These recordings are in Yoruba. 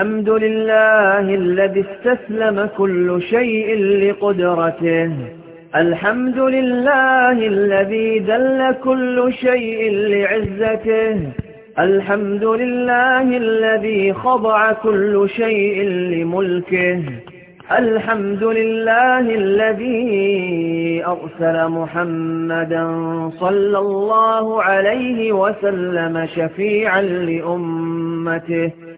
الحمد لله الذي استسلم كل شيء لقدرته الحمد لله الذي دل كل شيء لعزته الحمد لله الذي خضع كل شيء لملكه الحمد لله الذي أرسل محمدا صلى الله عليه وسلم شفيعا لأمته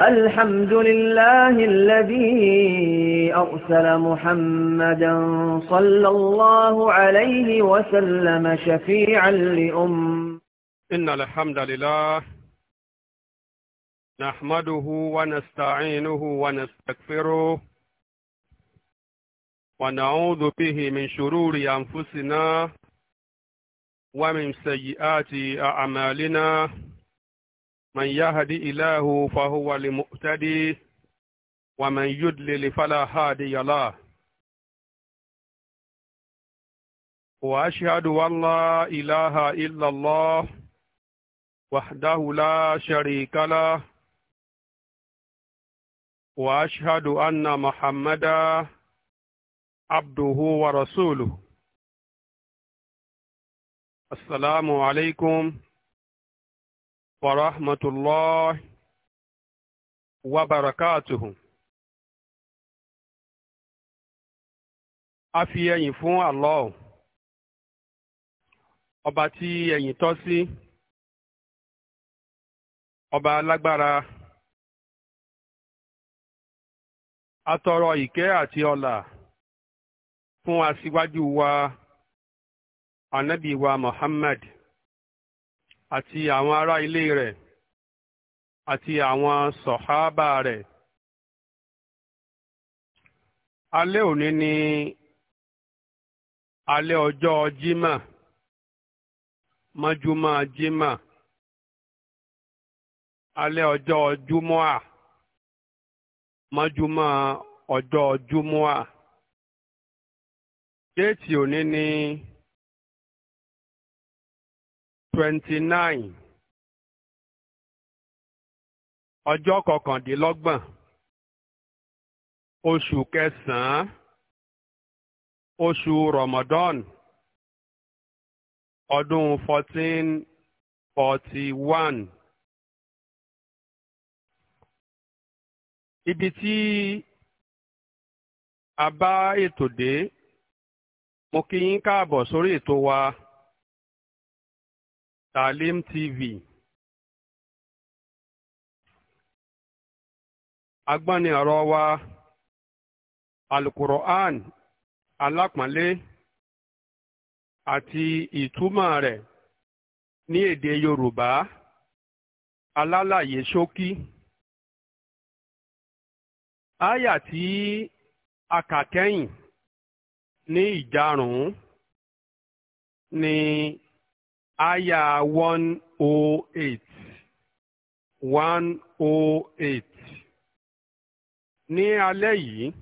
الحمد لله الذي أرسل محمدا صلى الله عليه وسلم شفيعا لأم إن الحمد لله نحمده ونستعينه ونستغفره ونعوذ به من شرور أنفسنا ومن سيئات أعمالنا من يهدي إله فهو لمؤتدي ومن يدلل فلا هادي له وأشهد أن لا إله إلا الله وحده لا شريك له وأشهد أن محمدا عبده ورسوله السلام عليكم ورحمة الله وبركاته a fi ẹyin fún Allah ọba tí ẹyìn tọ́ sí ọba alágbára atọrọ ìkẹ́ àti ọlà fún aṣíwájú wa anabi wa Muhammad àti àwọn ará ilé rẹ̀ àti àwọn sọ̀hábà rẹ̀. alẹ́ òní ni alẹ́ ọjọ́ jimá mọ́júmọ́ jimá alẹ́ ọjọ́ júmọ́à mọ́júmọ́ ọjọ́ júmọ́à déètì òní ni. Ni twenty nine ọjọ́ kọkàndínlọ́gbọ̀n oṣù kẹsàn-án oṣù Ramadan ọdún fourteen forty one. ibi tí a bá ètò dé mo kí yín káàbọ̀ sórí ètò wa. Talim TV agbani ọ̀rọ̀ wa alukur'an alápọ̀nlé àti ìtumọ̀ rẹ̀ ní èdè Yorùbá alálàyé ṣókí àyà tí a kà kẹ́yìn ní ìjarùn-ún ni. aya one oh eight one oh eight ní alẹ́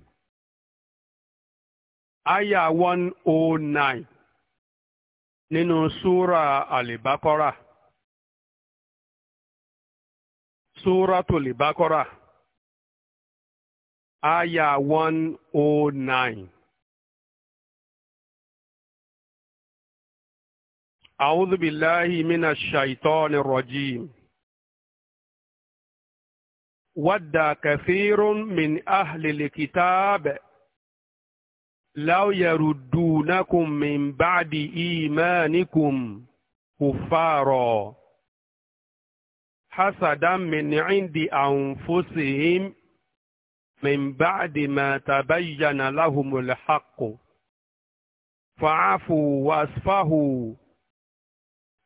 aya one oh nine nínú súra àlìbákọ́rà súra tòlìbákọ́rà aya one oh nine. أعوذ بالله من الشيطان الرجيم ود كثير من أهل الكتاب لو يردونكم من بعد إيمانكم كفارا حسدا من عند أنفسهم من بعد ما تبين لهم الحق فعفوا وأصفهوا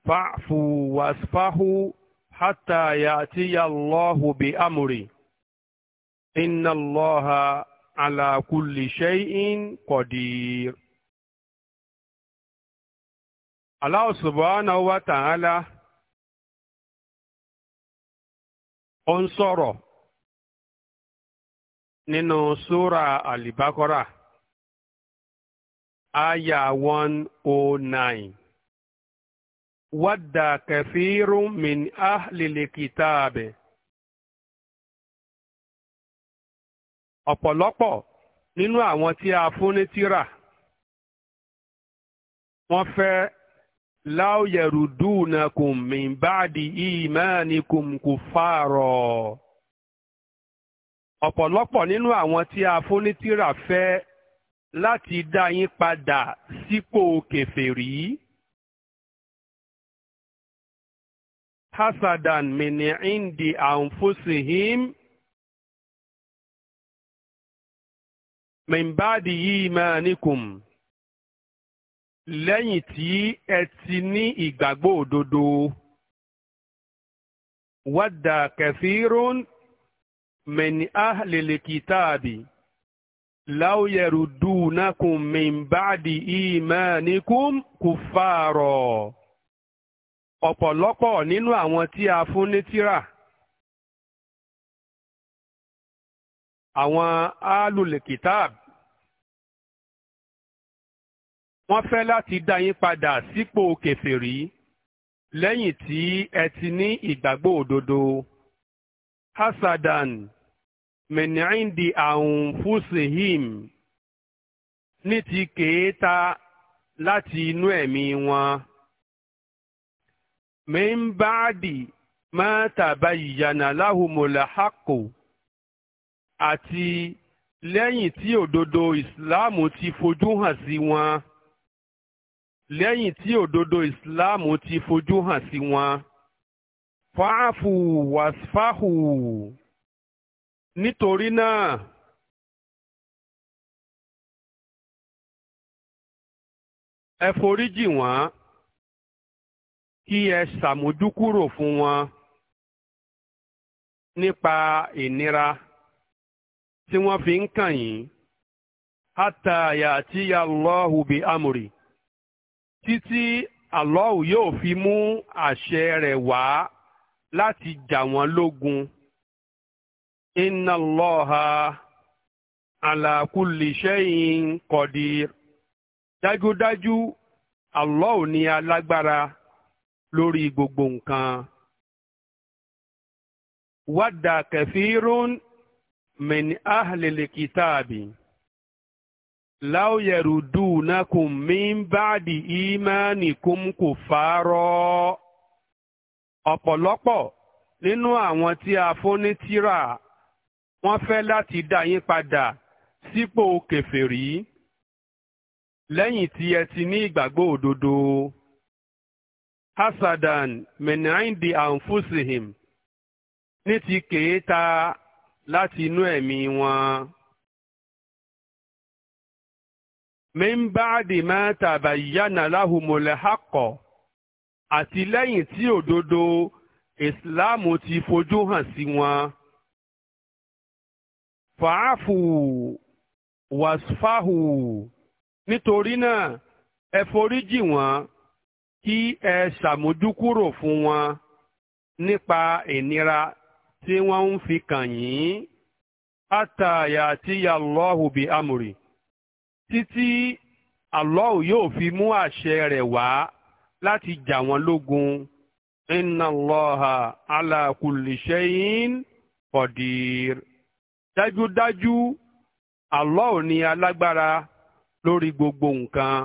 fa'fu wasfahu hatta ya'tiya Allahu bi amri inna Allah ala kulli shay'in qadir. Allah subhanahu wa ta'ala ó ń sọ̀rọ̀ nínú súra Al-Baqarah àyà 109. ودى كثير من أهل الكتاب ọ̀pọ̀lọpọ̀ nínú àwọn tí a fún ní tírà wọ́n fẹ́ láòyẹ̀rùdúnakùn mìbáàdì ìmáàníkùn kò fààrọ̀ ọ̀pọ̀lọpọ̀ nínú àwọn tí a fún ní tírà fẹ́ láti dá yín padà sípò kèfèrí. Si حسدا من عند أنفسهم من بعد إيمانكم لين تي اتني إغبو دودو ودى كثير من أهل الكتاب لو يردونكم من بعد إيمانكم كفارا ọ̀pọ̀lọpọ̀ nínú àwọn tí a fún ní tírà àwọn alùlẹ̀kìtáàb wọ́n fẹ́ láti dá yín padà sípò kèfèrí lẹ́yìn tí ẹ ti ní ìgbàgbọ́ òdodo hasadan menindi ahun fusehim ní ti kèéta láti inú ẹ̀mí wọn min بعد ما tabayyana lahumul haqqu أتي lẹ́yìn tí òdodo ìsìláàmù ti fojú hàn sí wọn lẹ́yìn tí òdodo ìsìláàmù ti fojú hàn sí wọn fa'afu wasfahu nítorí náà ẹ foríjì wọ́n kí ẹ ṣàmójúkúrò fún wọn nípa ìnira tí wọ́n fi ń kàn yín hátà yàtíyà Allahu bi amri títí Allahu yóò fi mú àṣẹ rẹ̀ wá láti jà wọ́n lógun. Inna Allaha ala kulli shay'in qadir. Dájúdájú, Allahu ni alágbára lórí gbogbo nǹkan. wádà kẹfìrún min ahlil kìtàbì láwùyẹ̀rù dùnàkùn min báàdì ìmánìkùn kò fàárọ̀. ọ̀pọ̀lọpọ̀ nínú àwọn tí a fún ní tírà wọ́n fẹ́ láti dá yín padà sípò kèfèrí lẹ́yìn tí ẹ ti ní ìgbàgbọ́ òdodo hasadan min indi anfusihim ní ti kèéta láti inú ẹ̀mí wọn. min ba'di ma tabayyana lahumul haqqo àti lẹ́yìn tí òdodo ìsìláàmù ti fojú hàn sí wọn. fàáfù wàsfáhù nítorí náà ẹ foríjì wọn kí ẹ ṣàmójúkúrò fún wọn nípa ìnira tí wọ́n ń fi kàn yín àtàyà tí Allahu bi amri títí Allahu yóò fi mú àṣẹ rẹ̀ wá láti jà wọ́n lógun inna Allaha ala kulli shay'in qadir dájúdájú Allah ni alágbára lórí gbogbo nǹkan.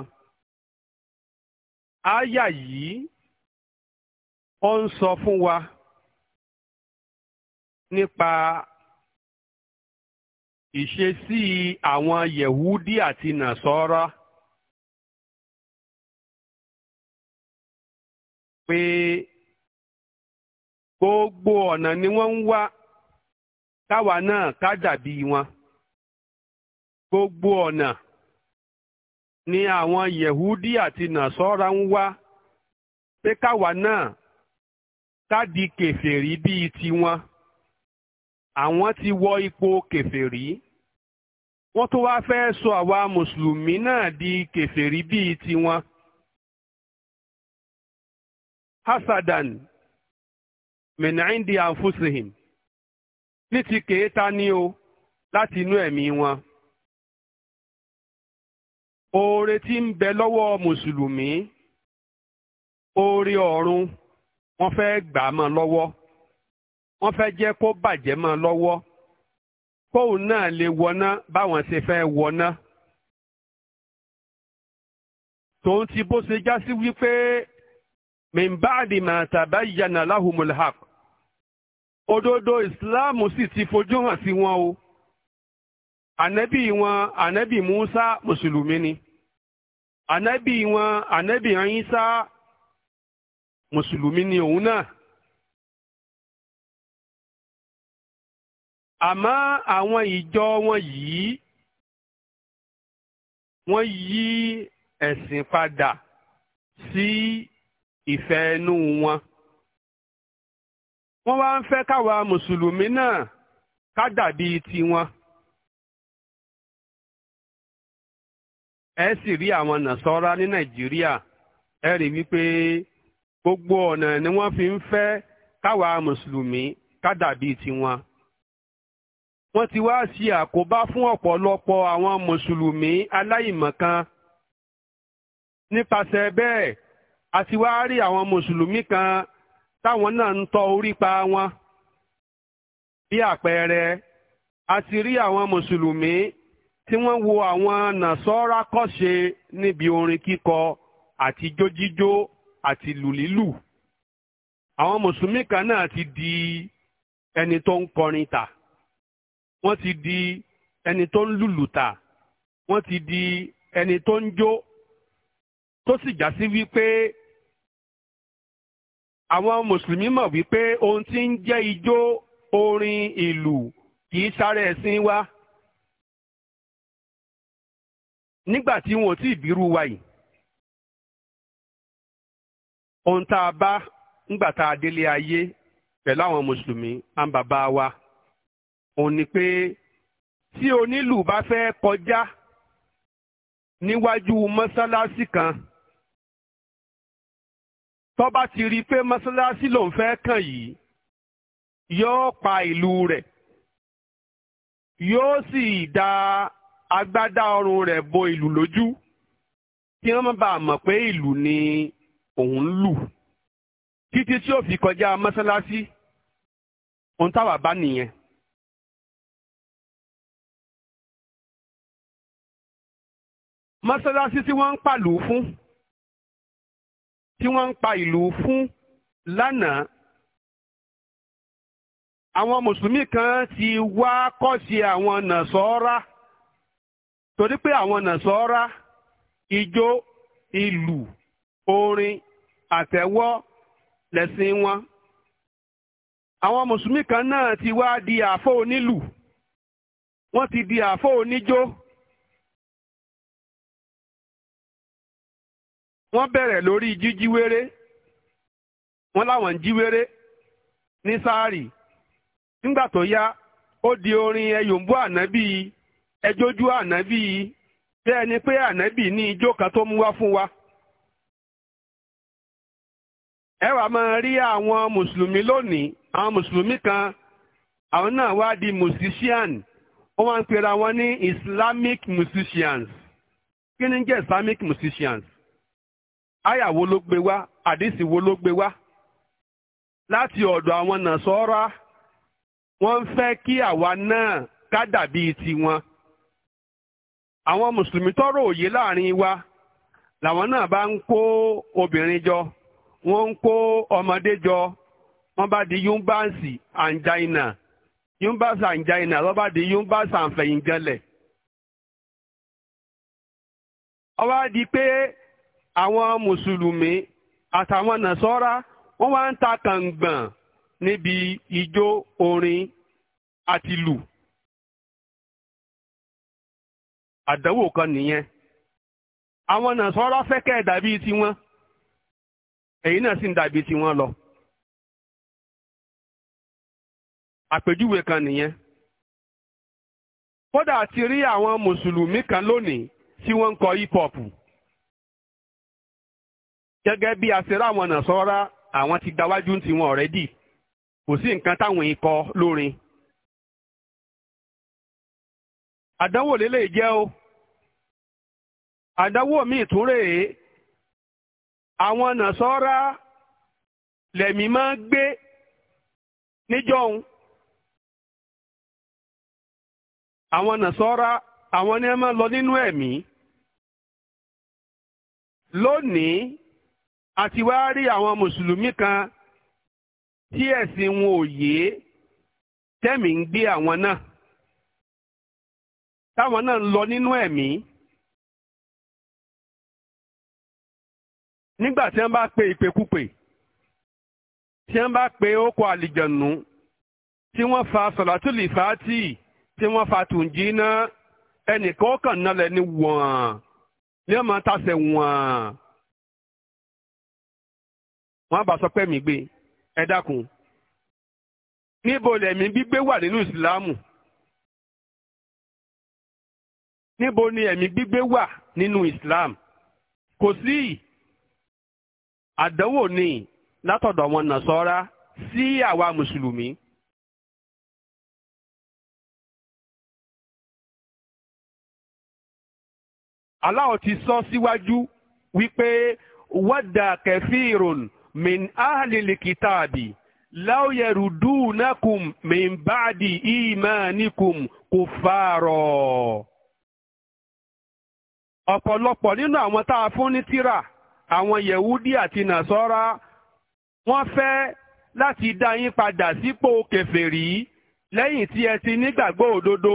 Aya yìí ó ń sọ fún wa nípa ìṣesí àwọn Yehudi àti nàṣọ́ra pé gbogbo ọ̀nà ni wọ́n ń wá káwa náà ká dàbí wọn gbogbo ọ̀nà ni àwọn yẹ̀húdí àti nàṣọ́ra ń wá pé káwa náà ká di bíi tiwọn àwọn ti wọ ipò keferi, wọ́n tó wáá fẹ́ sọ àwa mùsùlùmí náà di keferi bíi tiwọn. hasadan menaindi anfusihim ní ti kèéta ni o láti inú ẹ̀mí wọn. oore tí ń bẹ lọ́wọ́ mùsùlùmí oore ọ̀run wọ́n fẹ́ gbà á mọ́ lọ́wọ́ wọ́n fẹ́ jẹ́ kó bàjẹ́ mọ́ lọ́wọ́ kóun náà lè wọná báwọn ṣe fẹ́ wọná. tòun ti bó ṣe já sí wípé mìmbáàdì mà tabayyana lahumul haq òdodo ìsìláàmù sì ti fojú hàn sí wọn o ànábì wọn ànábì Musa mùsùlùmí ni ànábì wọn ànábì Ìsá mùsùlùmí ni òun náà àmọ́ àwọn ìjọ wọn yìí wọ́n yí ẹ̀sìn padà sí ìfẹ́ inú wọn wọ́n wá ń fẹ́ káwa mùsùlùmí náà ká dàbí tiwọn. ẹ sì rí àwọn nàṣọ́ra ní nàìjíríà ẹ rí wípé gbogbo ọ̀nà ni wọ́n fi ń fẹ́ káwa mùsùlùmí ká dàbí tiwọn. wọ́n ti wá ṣe àkóbá fún ọ̀pọ̀lọpọ̀ àwọn mùsùlùmí aláìmọ̀kan. nípasẹ̀ bẹ́ẹ̀ a ti wá rí àwọn mùsùlùmí kan táwọn náà ń tọ orí pa wọn. bí àpẹẹrẹ a ti rí àwọn mùsùlùmí tí wọ́n wo àwọn nàṣọ́ra kọ́ṣe níbi orin kíkọ àti jójíjó àti lùlílù àwọn mùsùlùmí kan náà ti di ẹni tó ń kọrin tà wọ́n ti di ẹni tó ń lùlù tà wọ́n ti di ẹni tó ń jó tó sì já sí wípé àwọn mùsùlùmí mọ̀ wípé ohun tí ń jẹ́ ijó orin ìlú kì í sáré ẹ̀sìn wa. nígbà tí wọn ò tí ì bírú wa yìí ohun tá a bá nígbà tá a délé ayé pẹ̀lú àwọn mùsùlùmí àwọn bàbá wa òun ni pé tí onílù bá fẹ́ kọjá níwájú mọ́sálásí kan tó bá ti rí i pé mọ́sálásí lòun fẹ́ kàn yìí yóò pa ìlú rẹ̀ yóò sì dá agbádá ọrùn rẹ̀ bo ìlú lójú kí wọ́n má bàa mọ̀ pé ìlú ni òun ń lù títí tí ó fi kọjá mọ́sálásí ohun táwa bá nìyẹn. mọ́sálásí tí wọ́n ń pàlù fún tí wọ́n ń pa ìlú fún lánàá àwọn mùsùlùmí kan ti wá kọ́ sí àwọn nàṣọ́ra. torí pé àwọn nàṣọ́ra ijó ilu orin atewo lesin wọn. àwọn mùsùlùmí kan náà ti wá di àfọ́ onílù wọ́n ti di àfọ́ oníjó. wọ́n bẹ̀rẹ̀ lórí jíjíwéré wọ́n láwọn ń jíwéré ní sáárì nígbà tó yá ó di orin ẹyòǹbó ànábì ẹjọ́jú ànábì yìí bẹ́ẹ̀ ni pé ànábì ní ijó kan tó mú wá fún wa. ẹ wàá máa rí àwọn mùsùlùmí lónìí àwọn mùsùlùmí kan àwọn náà wá di musician wọ́n ma ń pera wọn ní islamic musicians kí ni islamic musicians àyà wo ló gbé wá wo ló gbé wá láti ọ̀dọ̀ àwọn nàṣọ́ra wọ́n ń fẹ́ kí àwa náà ká dàbí tiwọn. àwọn mùsùlùmí tọrọ òye láàrin wa làwọn náà bá ń kó obìnrin jọ wọn ń kó ọmọdé jọ wọn bá di yunbáǹsì àǹjáìnà yunbáǹsì àǹjáìnà lọ́ bá di yunbáǹsì àǹfẹ̀yìnjẹlẹ̀. ó di pé àwọn mùsùlùmí àtàwọn nàṣọ́ra wọ́n wá ń ta kàǹgbọ̀n níbi ijó orin àti lù. àdánwò kan nìyẹn àwọn sọ̀rọ̀ fẹ́ kẹ́ ẹ̀ dàbí tiwọn èyí náà sì ń dàbí tiwọn lọ. àpèjúwe kan nìyẹn kódà ti rí àwọn mùsùlùmí kan lónìí tí wọ́n ń kọ hip hop gẹ́gẹ́ bí aṣèrè àwọn sọ̀rọ̀ àwọn ti gbáwájú tiwọn ọ̀rẹ́dì kò sí nǹkan táwọn ikọ̀ lórin. àdánwò lélẹ̀ jẹ́ o àdánwò míì tún rèé àwọn nàṣọ́ra lẹ̀mí máa ń gbé níjọ́hun àwọn nàṣọ́ra àwọn ni ẹ máa lọ nínú ẹ̀mí lónìí a ti wá rí àwọn mùsùlùmí kan tí ẹ̀sìn wọn ò yé tẹ́mi ń gbé àwọn náà. táwọn náà ń lọ nínú ẹ̀mí nígbà tí wọ́n bá pe ìpèkúpè tí wọ́n bá pe ókọ àlìjọ̀nù tí wọ́n fa sọ̀làtúlì fàátì tí wọ́n fa tùǹjì náà ẹnìkan ó kàn nálẹ̀ ní wọ̀n ní ọmọ tàṣẹ wọ̀n. wọ́n bá sọ pé mi gbé ẹ dákun níbo lẹ̀mí gbígbé wà nínú ìsìlámù níbo ni ẹ̀mí gbígbé wà nínú Islam kò sí àdánwò ni látọ̀dọ̀ wọn Nàsárá sí àwa mùsùlùmí. Allah ti sọ síwájú wípé wádà kẹfìrún min ahlil kìtàbì law yarudunakum min ba'di imanikum kuffara ọ̀pọ̀lọpọ̀ nínú àwọn tá a fún ní tírà àwọn yẹ̀wúdí àti nàṣọ́ra wọ́n fẹ́ láti dá yín padà sípò kèfèrí lẹ́yìn tí ẹ ti nígbàgbọ́ òdodo.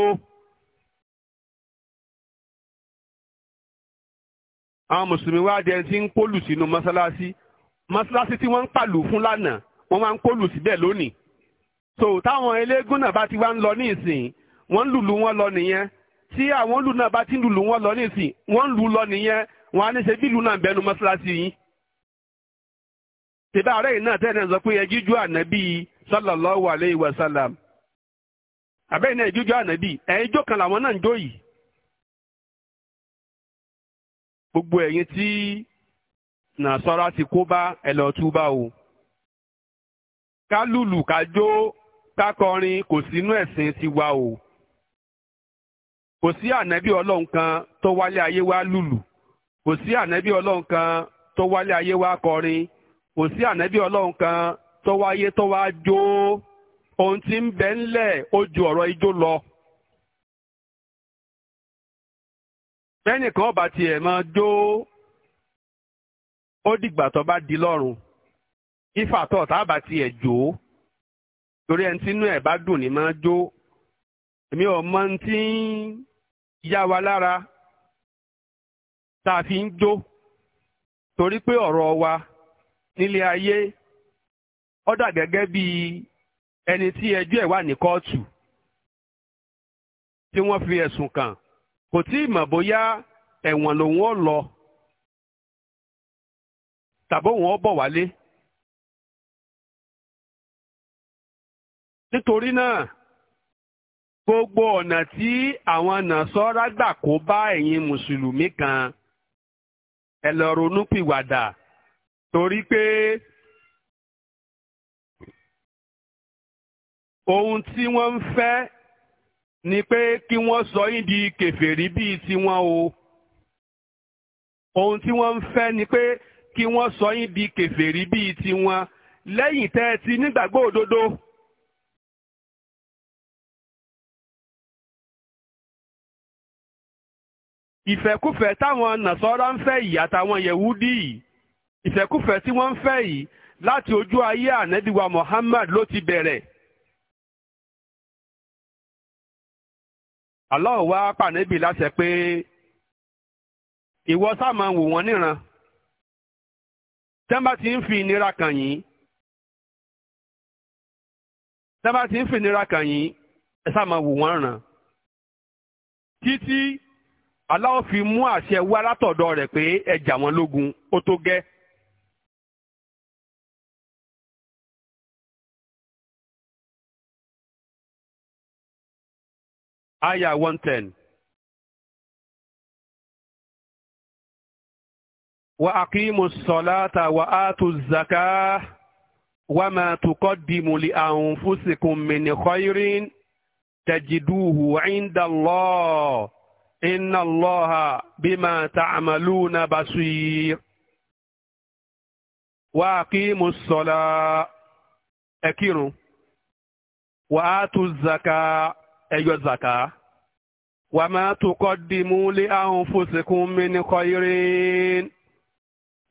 àwọn mùsùlùmí wá dẹni tí ń kólù sínú mọ́sálásí mọ́sálásí tí wọ́n ń pàlù fún lánàá wọ́n máa ń kólù síbẹ̀ lónìí. so táwọn eléégún náà bá ti wá ń lọ ní ìsìn wọ́n ń lùlù wọn lọ nìyẹn tí àwọn olù náà bá ti ń lùlù wọn lọ nísìn wọ́n ń lù lọ nìyẹn wọ́n á ní ṣe bí ìlú náà bẹnu mọ́ṣáláṣí yín. tèbá ààrẹ yìí náà tẹ́lẹ̀ sọ pé ẹ jíjú ànábì sallallahu alayhi wa sallam àbẹ́yìn náà ìjójó ànábì ẹ̀yin jó kan làwọn náà ń jó yìí. gbogbo ẹ̀yin tí nàṣọ́ra ti kó bá ẹ lọ o. ká lùlù ká jó ká kọrin kò sínú ẹ̀sìn tiwa o. kò sí ànábì ọlọ́run kan tó wálé ayé wá lùlù kò sí ànábì ọlọ́run kan tó wálé ayé wá kọrin kò sí ànábì ọlọ́run kan tó wáyé tó wá jó ohun tí ń bẹ ńlẹ̀ ó ju ọ̀rọ̀ ijó lọ. mẹ́nìkan ọba tiẹ̀ máa jó ó dìgbà tó bá di lọ́rùn ifá tó ọ̀tá àbá tiẹ̀ jó torí ẹni tí inú ẹ̀ bá dùn ní máa jó èmi ò mọ ohun tí ń. yá wa lára tá a fi ń jó torí pé ọ̀rọ̀ wa nílé ayé ó dà gẹ́gẹ́ bí ẹni tí ẹjọ́ ẹ̀ wà ní kóòtù tí wọ́n fi ẹ̀sùn kàn kò tí ì mọ̀ bóyá ẹ̀wọ̀n lòun ó lọ tàbí òun bọ̀ wálé. nítorí náà gbogbo ọ̀nà tí àwọn nàṣọ́ra gbà kó bá ẹ̀yin mùsùlùmí kan ẹ lọ ronúpìwàdà torí pé ohun tí wọ́n ń fẹ́ ni pé kí wọ́n sọ yín di kèfèrí bíi tiwọn o ohun tí wọ́n ń fẹ́ ni pé kí wọ́n sọ yín di kèfèrí bíi tiwọn lẹ́yìn tẹ́ ẹ ti nígbàgbọ́ òdodo. ìfẹ́kúfẹ́ táwọn nàṣọ́ra ń fẹ́ yìí àtàwọn yẹ̀wúdí yìí ìfẹ́kúfẹ́ tí wọ́n ń fẹ́ yìí láti ojú ayé ànẹ́bíwa Muhammad ló ti bẹ̀rẹ̀. Allah wá pànẹ́bì láṣẹ pé ìwọ sáà máa wò wọ́n níran tẹ́ḿbà ti ń fi ìnira kàn yín tẹ́ḿbà ti ń fi ìnira kàn yín ẹ sáà wò wọ́n ràn títí. Allah fi mú àṣẹ wá látọ̀dọ̀ rẹ̀ pé ẹ jà wọ́n lógun ó tó gẹ́. Aya one ten. Wa aqimu salata wa atu zaka wa ma tuqaddimu li anfusikum min khairin tajiduhu inda Allah. inna allaha bima ta'maluna basir wa aqimu sọlá ẹkírun wa atu zaka ẹyọ zaka wa ma tuqaddimu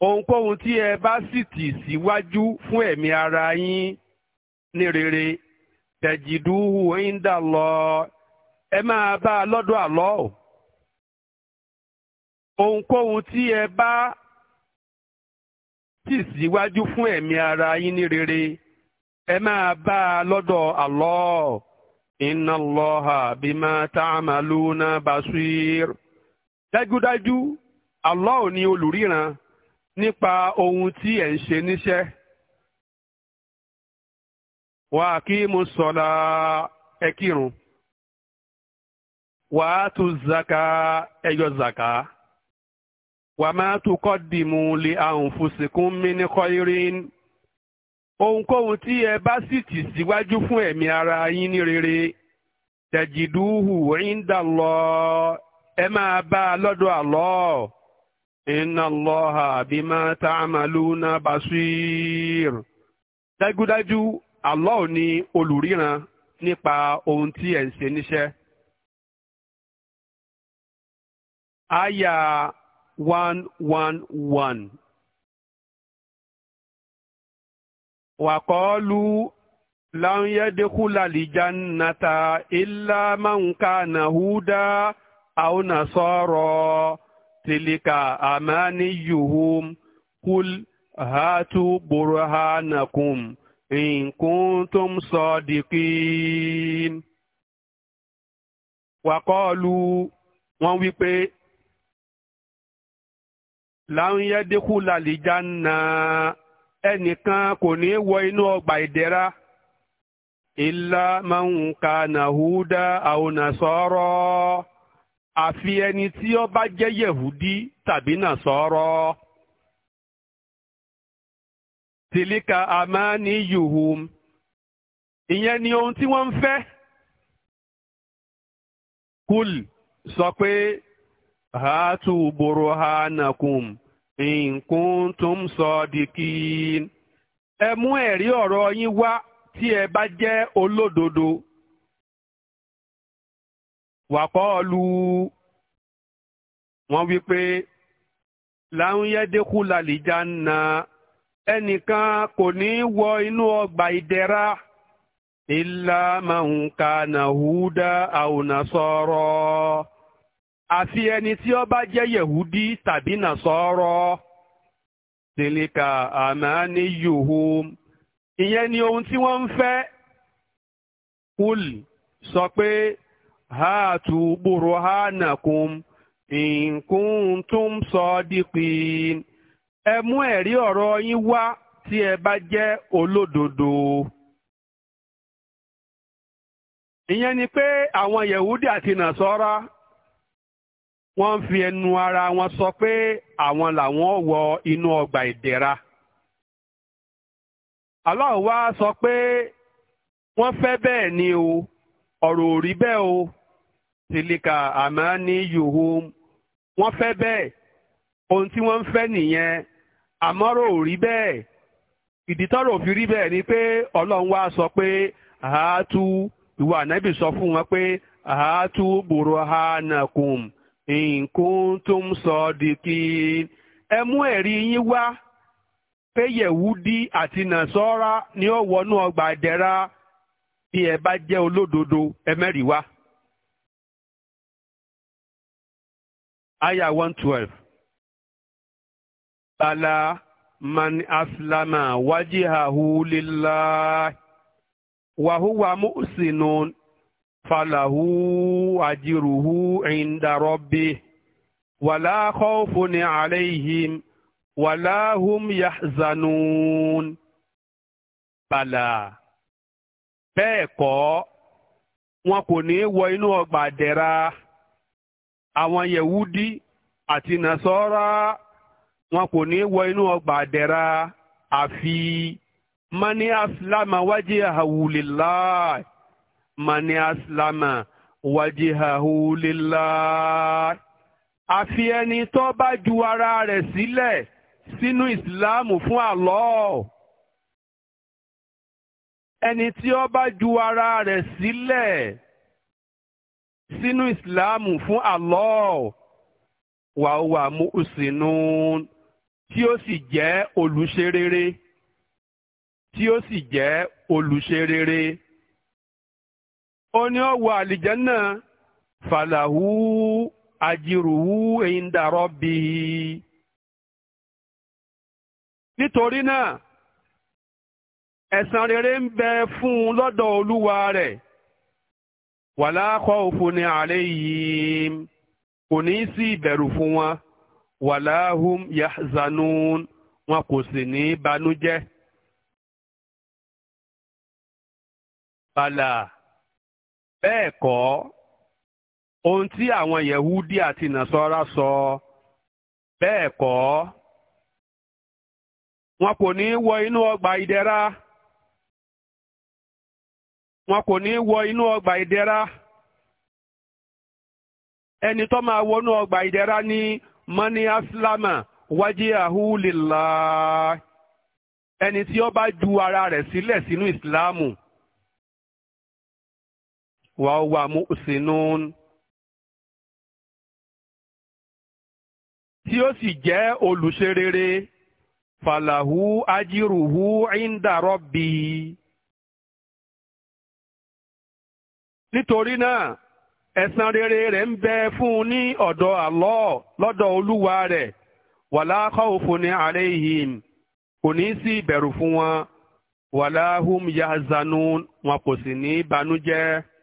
ohunkóhun tí ẹ bá sì tì síwájú fún ẹ̀mí ara yín ní rere tajiduhu inda Allah ẹ máa bá a lọ́dọ̀ Allah o. ohunkóhun tí ẹ bá tì síwájú fún ẹ̀mí ara yín ní rere ẹ máa bá a lọ́dọ̀ Allah inna Allaha bima ta'maluna basir. dájúdájú Allah ní olùríran nípa ohun tí ẹ̀ ń ṣe níṣẹ́. wà á kí mo sọ̀la ẹ kírun wà á tu zaka ẹ yọ zaka. wàmá tukọ́dìmù li àǹfùsìkún mi ní khairin. ohunkóhun tí ẹ bá sì tì síwájú fún ẹ̀mí ara yín ní rere tajiduhu inda Allah ẹ máa bá a lọ́dọ̀ Allah inna Allaha bima ta'maluna basir. dájúdájú Allah ni olùríran nípa ohun tí ẹ̀ ń ṣe níṣẹ́ one one one. وقالوا لن يدخل الجنة إلا من كان هودا أو نصارى تلك أمانيهم قل هاتوا برهانكم إن كنتم صادقين وقالوا wọ́n wí pé láwọn yẹn dínkù làlìjà nà ẹnìkan kò ní wọ inú ọgbà ìdẹ̀ra ìlà máa ń ka nàhúdà àwọn nàṣọ́rọ́ àfi ẹni tí ó bá jẹ́ yẹ̀húdí tàbí nàṣọ́rọ́. tìlíkà àmání yuhum ìyẹn ni ohun tí wọ́n ń fẹ́. kúl sọ pé ha tubụru ha nakwum ikpụtum so diki emuerioroyiwa piebaje olododo wakpoolu nwawikpe layedewulalijana enika kponiwo inuọgbidea ilamanwu kanahuda àwọn soro àfi ẹni tí ó bá jẹ́ yẹ̀húdí tàbí nàṣọ́rọ́ tìlíkà àmàní yòhùn ìyẹn ni ohun tí wọ́n ń fẹ́ kúl sọ pé ha nà hánàkùn nǹkún tó ń sọ dípì ẹ mú ẹ̀rí ọ̀rọ̀ yín wá tí ẹ bá jẹ́ olódodo. ìyẹn ni pé àwọn àti wọ́n ń fi ẹnu ara wọn sọ pé àwọn làwọn wọ inú ọgbà ìdẹ̀ra. Allah wá sọ pé wọ́n fẹ́ bẹ́ẹ̀ ni o ọ̀rọ̀ ò rí bẹ́ẹ̀ o tìlíkà àmọ́ ní yuhum wọ́n fẹ́ bẹ́ẹ̀ ohun tí wọ́n ń fẹ́ nìyẹn àmọ́rọ̀ ò rí bẹ́ẹ̀ ìdítọ́rọ̀ ò fi rí bẹ́ẹ̀ ni pé ọlọ́run wá sọ pé àátú ìwà ànábì sọ fún wọn pé àátú burhanakum nkuntum sọ̀dìkì ẹ mú ẹ̀rí yín wá pé yẹ̀wúdí àti nàṣọ́ra ni ó wọnú ọgbà ìdẹ̀ra bí ẹ bá jẹ́ olódodo ẹ mẹ́rìí wá. Aya one twelve. Bala man aslama wajihahu lillah wa huwa falahu ajiruhu inda rabbih wàlá khawfun alayhim wàlá hum yahzanun bàlà bẹ́ẹ̀ kọ́ wọn kò ní wọ inú ọgbà àdẹ̀ra àwọn yẹ̀wúdí àti nàṣọ́ra wọn kò ní wọ inú ọgbà àdẹ̀ra àfi mani aslama wajhahu lillah mani aslama wajihahu lillah àfi ẹni tó bá ju ara rẹ̀ sílẹ̀ sínú ìsìláàmù fún Allah ẹni tí ó bá ju ara rẹ̀ sílẹ̀ sínú ìsìláàmù fún Allah wà ó wà mú ìsìnú tí ó sì jẹ́ olùṣe tí ó sì jẹ́ olùṣe rere. ó ní ọ̀wọ́ àlìjánná fàlàhù àjìrùhù inda rabbihi. nítorí náà ẹ̀san rere ń bẹ fún un lọ́dọ̀ olúwa rẹ̀ wàlá khawfun yìí, kò ní sí ìbẹ̀rù fún wọn wàlá hum yahzanun wọn kò sì ní banújẹ́. Bala. bẹ́ẹ̀ kọ́ ohun tí àwọn yẹ̀húdí àti nàṣọ́ra sọ bẹ́ẹ̀ kọ́ wọn kò ní wọ inú ọgbà ìdẹ̀ra wọn kò ní wọ inú ọgbà ìdẹ̀ra ẹni tó máa wọnú ọgbà ìdẹ̀ra ní mani aslama wajiahu lillah ẹni tí ó bá ju ara rẹ̀ sílẹ̀ sínú Ìsìlámù. wà ó wà muhsinun tí ó sì jẹ́ olùṣe falahu fàlàhù ajíruhù inda rabbi. nítorí náà esanrere rere rẹ̀ ń bẹ fún un ní ọ̀dọ̀ Allah lọ́dọ̀ olúwa rẹ̀ wala khawfun alayhim kò ní sí ìbẹ̀rù fún wọn wala hum yahzanun wọn kò sì ní banújẹ́.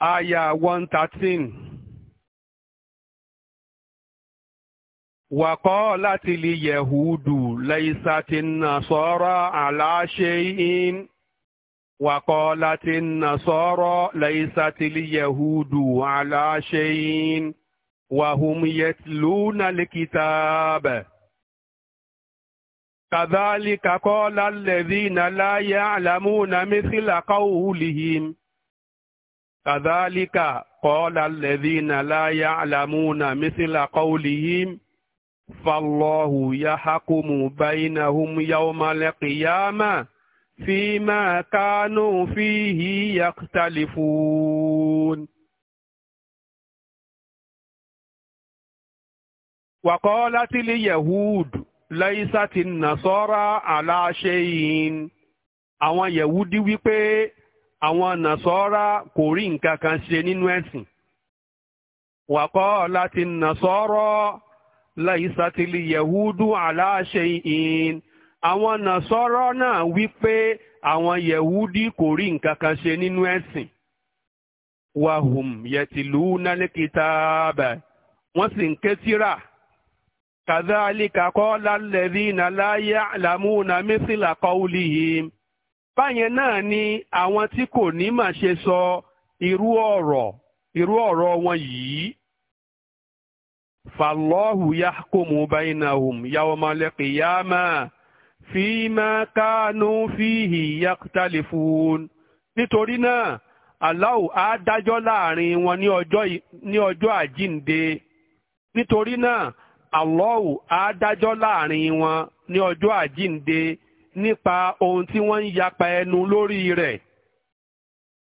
aya one thirteen. وقالت اليهود ليست النصارى على شيء وقالت النصارى ليست اليهود على شيء وهم يتلون الكتاب كذلك قال الذين لا يعلمون مثل قولهم kàdálíkà kọ́ọ́lá lẹ́dínà láyà àlàmúnà mísìlá kọ́ọ̀lìyìm fàlọ́hù yá hákùmù báyìnà hum yawmal qiyama fíìmà kánú fíhì yaktalifun. وقالت اليهود ليست النصارى على شيء àwọn yẹ̀wúdí wípé àwọn nàṣọ́ra kò rí nǹkan kan ṣe nínú ẹ̀sìn wàkọ́ láti nàṣọ́rọ́ láìsàtìlì yẹ̀húdú aláṣẹ ìhìn àwọn nàṣọ́rọ́ náà wí pé àwọn yẹ̀húdí kò rí nǹkan kan ṣe nínú ẹ̀sìn wàhùm yẹtìlú wọ́n sì ń ké tírà kàdáàlì yìí. báyẹn náà ni àwọn tí kò ní mà ṣe sọ irú ọ̀rọ̀ irú ọ̀rọ̀ wọn yìí. Fallahu yahkumu bainahum yawmal qiyamah fima kanu fihi yaktalifun. Nítorí náà, Allah á dájọ́ láàrin wọn ní ọjọ́ àjínde. Nítorí náà, Allah á láàrin wọn ní ọjọ́ nípa ohun tí wọ́n ń yapa ẹnu lórí rẹ̀.